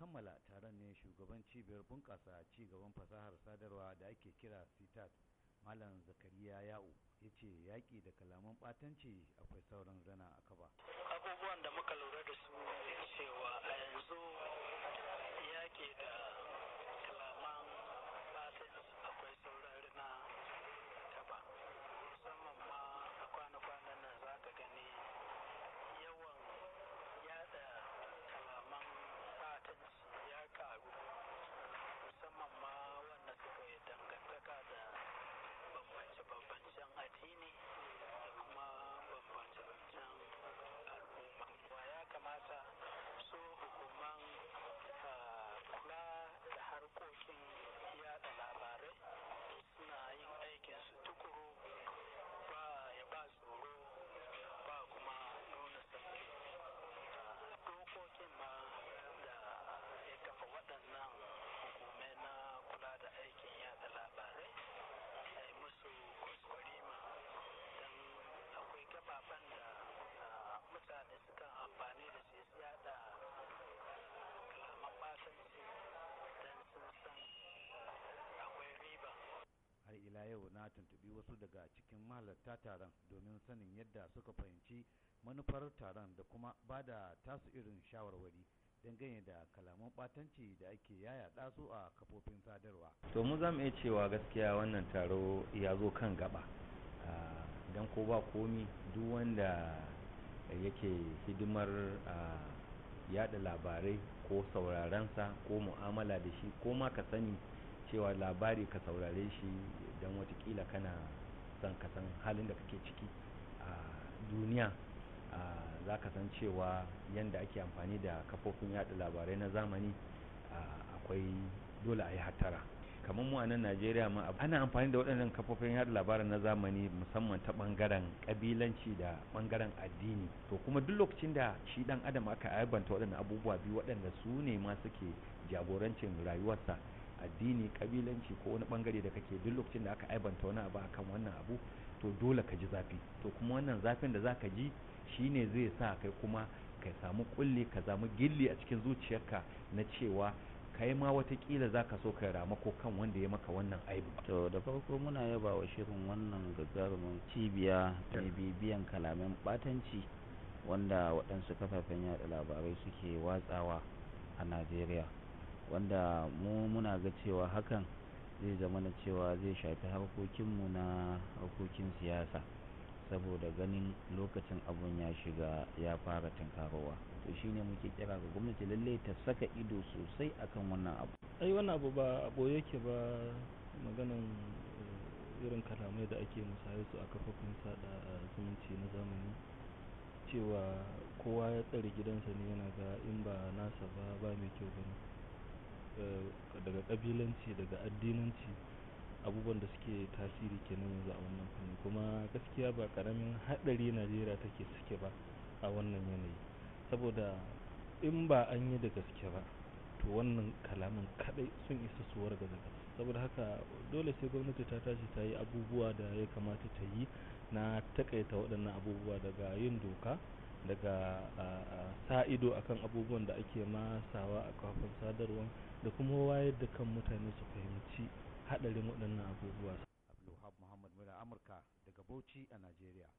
kammala taron ne shugaban cibiyar bunƙasa ci gaban fasahar sadarwa da ake kira sitat malam zakariya ya'u ya ce yaƙi da kalaman ɓatanci akwai sauran zana a kaba abubuwan da muka lura da su cewa a yanzu yau na tuntubi wasu daga cikin mahalarta taron domin sanin yadda suka fahimci manufar taron da kuma ba da tasu irin shawarwari ganye da kalaman batanci da ake yaya ɗasu a kafofin sadarwa. To mu za mu iya cewa gaskiya wannan taro ya zo kan gaba. Ah, Don ko ba komi duk wanda yake hidimar ah, yada labarai ko sa ko mu'amala da shi ko ma ka sani cewa labari ka saurare shi don watakila kana son ka san halin da kake ciki a duniya za ka san cewa yadda ake amfani da kafofin yada labarai na zamani akwai dole a yi hatara kamar mu a nan najeriya ma ana amfani da waɗannan kafofin yada labarai na zamani musamman ta ɓangaren ƙabilanci da ɓangaren addini to kuma duk lokacin da shi ɗan adam aka ayabanta waɗannan abubuwa biyu waɗanda su ne ma suke jagorancin rayuwarsa addini kabilanci ko wani bangare da kake duk lokacin da aka aibanta wani abu akan wannan abu to dole ka ji zafi to kuma wannan zafin da za zaka ji ne zai sa kai kuma ka samu kulli ka samu gilli a cikin zuciyarka na cewa kai ma watakila za ka so ka rama ko kan wanda ya maka wannan aibu to da farko muna yaba wa shirin wannan gagarumin cibiya da bibiyan kalaman batanci wanda waɗansu kafafen yada labarai suke watsawa a najeriya wanda mu muna ga cewa hakan zai zama na cewa zai shafi harkokin mu na harkokin siyasa saboda ganin lokacin abun ya shiga ya fara tunkarowa to shine muke kira ga gwamnati lallai ta saka ido sosai akan wannan abu ai wannan abu ba a boye yake ba maganan eh, irin kalamai da ake musayar su a kafofin sada zumunci na zamani cewa kowa ya tsare gidansa ne yana ga in ba nasa ba ba mai kyau ba ne. Eh, daga ƙabilanci daga addinanci abubuwan da suke tasiri kenan yanzu a wannan fanni kuma gaskiya ba ƙaramin haɗari najeriya take suke ba a wannan yanayi saboda in ba an yi da gaske ba to wannan kalaman kaɗai sun isa su wargaza saboda haka dole sai gwamnati ta tashi ta yi abubuwa da ya kamata ta yi na takaita waɗannan abubuwa daga yin doka daga ah, ah, sa ido akan abubuwan da ake masawa a kafin sadarwa da kuma wayar da kan mutane su fahimci haɗarin waɗannan abubuwa. Abdulwahab Muhammad Mura Amurka daga Bauchi a Najeriya.